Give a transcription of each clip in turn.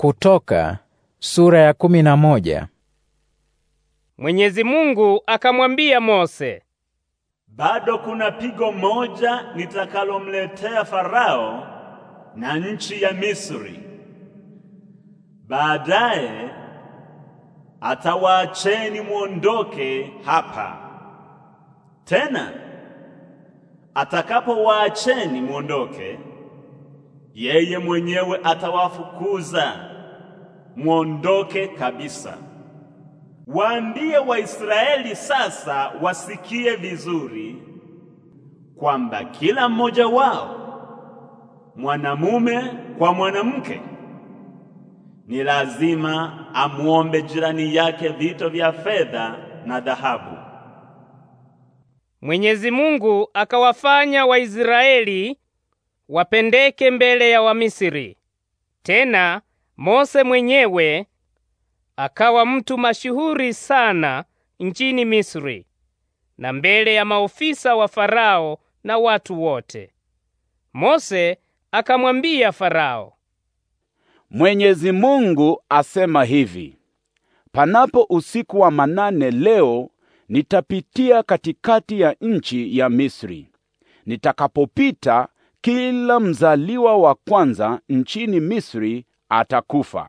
Kutoka sura ya kumi na moja. Mwenyezi Mungu akamwambia Mose, bado kuna pigo moja nitakalomletea Farao na nchi ya Misri. Baadaye atawaacheni muondoke hapa. Tena atakapowaacheni muondoke yeye mwenyewe atawafukuza mwondoke kabisa. Waambie Waisraeli sasa wasikie vizuri kwamba kila mmoja wao mwanamume kwa mwanamke ni lazima amuombe jirani yake vito vya fedha na dhahabu. Mwenyezi Mungu akawafanya Waisraeli wapendeke mbele ya Wamisiri. Tena Mose mwenyewe akawa mtu mashuhuri sana nchini Misri na mbele ya maofisa wa Farao na watu wote. Mose akamwambia Farao, Mwenyezi Mungu asema hivi: Panapo usiku wa manane leo nitapitia katikati ya nchi ya Misri. Nitakapopita kila mzaliwa wa kwanza nchini Misri atakufa,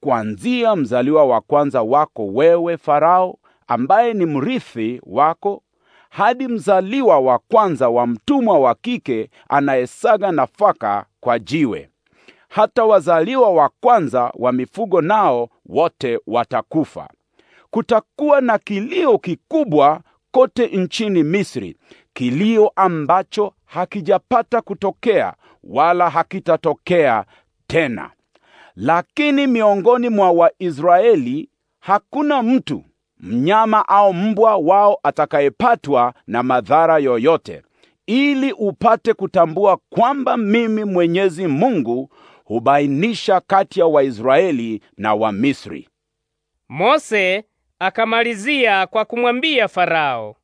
kuanzia mzaliwa wa kwanza wako wewe Farao, ambaye ni mrithi wako, hadi mzaliwa wa kwanza wa mtumwa wa kike anayesaga nafaka kwa jiwe. Hata wazaliwa wa kwanza wa mifugo nao wote watakufa. Kutakuwa na kilio kikubwa kote nchini Misri, kilio ambacho hakijapata kutokea wala hakitatokea tena. Lakini miongoni mwa Waisraeli hakuna mtu, mnyama au mbwa wao atakayepatwa na madhara yoyote, ili upate kutambua kwamba mimi Mwenyezi Mungu hubainisha kati ya Waisraeli na Wamisri. Mose akamalizia kwa kumwambia Farao,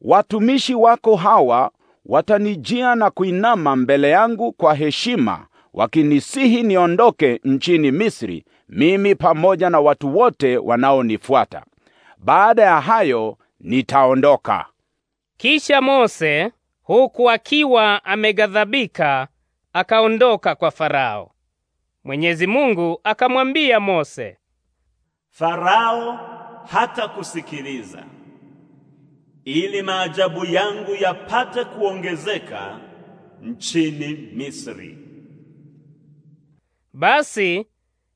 watumishi wako hawa watanijia na kuinama mbele yangu kwa heshima, wakinisihi niondoke nchini Misri, mimi pamoja na watu wote wanaonifuata. Baada ya hayo nitaondoka. Kisha Mose huku akiwa amegadhabika akaondoka kwa Farao. Mwenyezi Mungu akamwambia Mose, Farao hatakusikiliza ili maajabu yangu yapate kuongezeka nchini Misri. Basi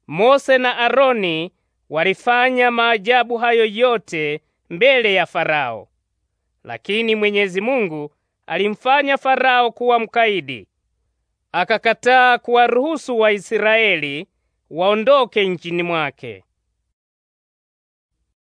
Mose na Aroni walifanya maajabu hayo yote mbele ya Farao, lakini Mwenyezi Mungu alimfanya Farao kuwa mkaidi, akakataa kuwaruhusu Waisraeli waondoke nchini mwake.